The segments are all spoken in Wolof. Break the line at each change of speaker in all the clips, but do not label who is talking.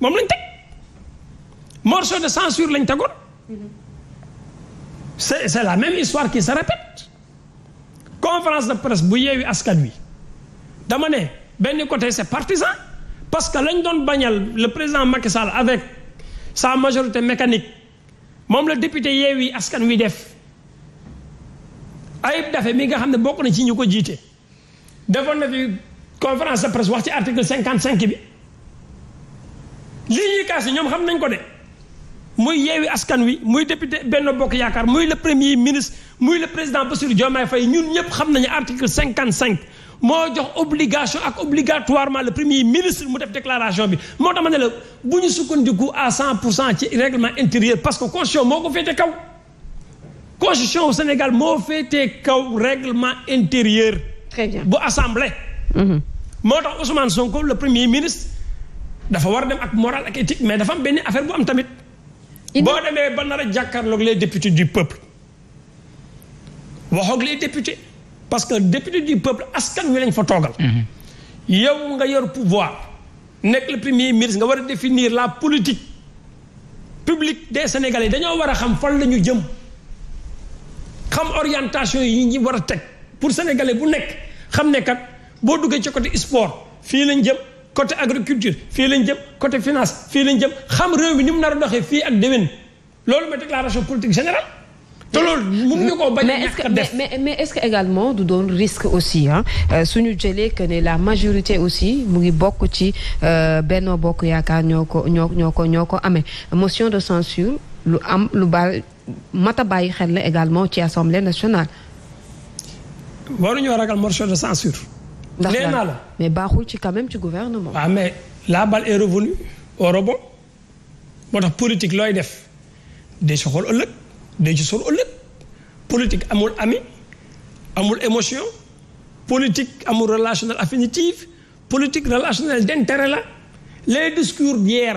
moom lañ teg morceau de censure lañ tegoon c'est c'est la même histoire qui se répète conférence de presse bu yeewi askan wi dama ne benn côté c'est partisan parce que lañ doon bañal le président Macky Sall avec sa majorité mécanique moom la député yeewi askan wi def Ayib Daffé mi nga xam ne bokk na ci ñu ko jiite defoon na fi conférence de presse wax ci article cinquante cinq bi lii ñuy kaas yi ñoom xam nañ ko de muy yeewi askan wi muy député benn Bokk Yaakaar muy le premier ministre muy le président Bassirou Diomaye fay ñun ñëpp xam nañu article cinquante cinq moo jox obligation ak obligatoirement le premier ministre mu def déclaration bi moo tax ma ne la bu ñu sukkandiku à cent pour cent ci règlement intérieur parce que constitution moo ko féete kaw constitution au Sénégal moo féete kaw règlement intérieur. bu assemblée. Mm-hmm. moo tax Ousmane Sonko le premier ministre. dafa war dem ak morale ak éthique mais dafa am benn affaire bu am tamit. boo demee ba nar a jàkkaarloog les députés du peuple. waxoog les députés parce que député du peuple askan wi lañ fa toogal. Mhm. yow nga yor pouvoir nekk le premier ministre nga war a définir la politique publique des Sénégalais dañoo war a xam fan la ñu jëm xam orientation yi ñu war a teg pour sénégalais bu nekk xam ne kat boo duggee ci côté sport fii lañ jëm. côté agriculture fii lañ jëm côté finance fii lañ jëm xam réew mi ni mu nar a doxee fii ak déwén loolu mooy déclaration politique générale. te loolu mën ñu ko bañ a ñàkk def
mais mais est-ce que également du doon risque aussi ah suñu jëlee que ne la majorité aussi mu ngi bokk ci euh, Benno Bokk Yaakaar ñoo ko ñoo ñoo ko ñoo ko amee motion de censure lu am lu baal mata bàyyi xel la également ci assemblée nationale.
waruñoo ragal motion de censure. ndax nee naa la mais baaxul ci quand ci gouvernement. waaw ah, mais la balle est revenue moo tax politique looy def day ci xool ëllëg day ci sol ëllëg politique amul ami amul émotion politique amul relationnel affinitive politique relationnel d'intérêt la les discours d'hier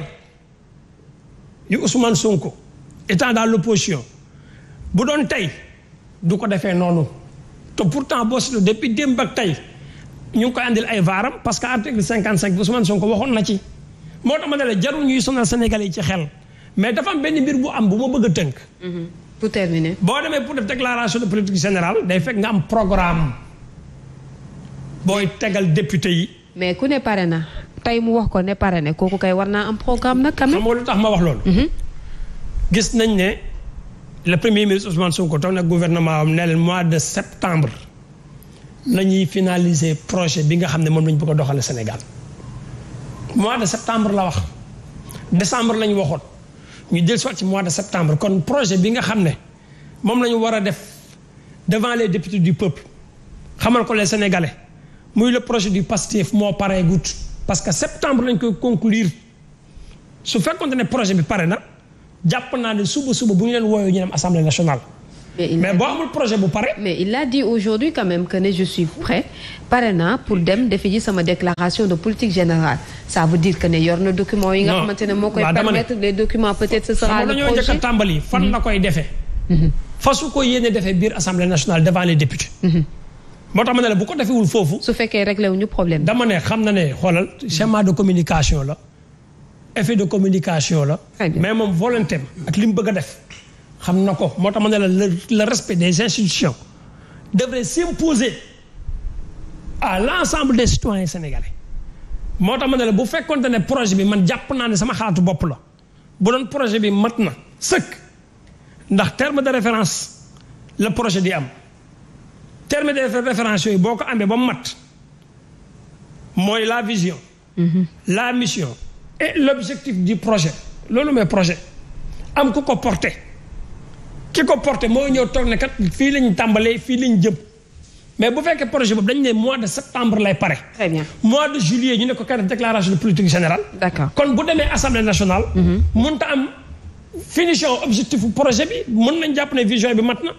yu Ousmane Sonko étant dans l'opposition bu doon tey du ko defee noonu te pourtant boo si depuis démb tey. ñu ngi koy andil ay vaaram parce que article cinquante cinq bi Ousmane Sonko waxoon na ci moo tax ma ne la jarul ñuy sonal Sénégalais yi ci xel mais dafa am benn mbir bu am bu ma bëgg a tënk. Mhm. pour terminer. boo demee pour déclaration de politique générale day fekk nga am programme booy tegal député yi.
mais ku ne pare na tey mu wax ko ne pare ne kooku kay war naa am
programme nag. quand même xam tax ma wax loolu. Mhm. gis nañ ne le premier ministre Ousmane Sonko toog na gouvernement am ne leen mois de septembre. nañuy finaliser projet bi nga xam ne moom lañ bëgg ko doxalee Sénégal mois de septembre la wax décembre lañ waxoon ñu del soit ci mois de septembre kon projet bi nga xam ne moom la ñu war a def devant les députés du peuple xamal ko les sénégalais muy le projet du PASTEF moo paree gut parce que septembre lañ koy conclure su fekkoon ne projet bi pare na jàpp naa ne suba suba bu ñu leen wooyoo ñu dem assemblée nationale mais boo amul projet bu pare.
mais il a dit aujourd'hui quand même que ne je suis prêt pare naa pour dem def ji sama déclaration de politique générale ça veut dire que ne yor na document yi nga xamante ne moo koy permettre
les documents peut-être ce sera le projet dañoo a tàmbali fan la koy defee mhm. fasu ko yéene defee biir assemblée nationale devant les députés mhm. moo tax ma bu ko defewul foofu su fekkee réglé wuñu problème dama ne xam na ne xoolal schéma de communication la effet de communication la mais moom volonté ak li mu bëgg a def xam na ko moo tax ma ne la le respect des institutions devrait s'imposer à l'ensemble des citoyens sénégalais moo tax ma ne la bu fekkoonte ne projet bi man jàpp naa ne sama xalaatu bopp la bu doon projet bi mat na sëkk ndax terme de référence la projet di am terme de référence yooyu boo ko amee ba mat mooy la vision mm-hmm. la mission et l'objectif du projet loolu mooy projet am ku ko porté ki ko porté moo ñëw toog ne kat fii lañ tàmbalee fii lañ jëm mais bu fekkee projet boobu dañ ne mois de septembre lay pare. très mois de juillet ñu ne ko kat déclaration de politique générale. d'accord kon bu demee assemblée nationale. Mm-hmm. ta am finition objectif projet bi mën nañ jàpp ne vision bi mat na.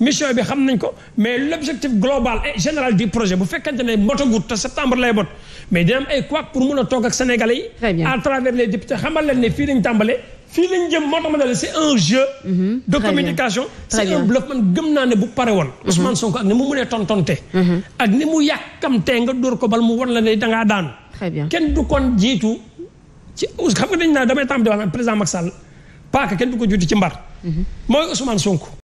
mission bi xam nañ ko mais l'objectif global et général du projet bu fekkante ne motagut te septembre lay bot mais dina am ay quoi pour mun a toog ak sénégalais yi. à travers les xamal leen ne fii lañ tàmbalee. fii lañ jëm moo tax ma ne la c' est un jeu. Mhm. de communication c' un bluff man gëm naa ne bu pare woon. Mhm. Ousmane Sonko ak ni mu mënee tontonte. Mhm. ak ni mu yàkkamtee nga dóor ko bal mu wan la ne dangaa daanu. très bien kenn du kon jiitu ci xam nga dañ naa damay tàmbali wax naan président Macky Sall paaka kenn du ko jiitu ci mbar. mooy Ousmane Sonko.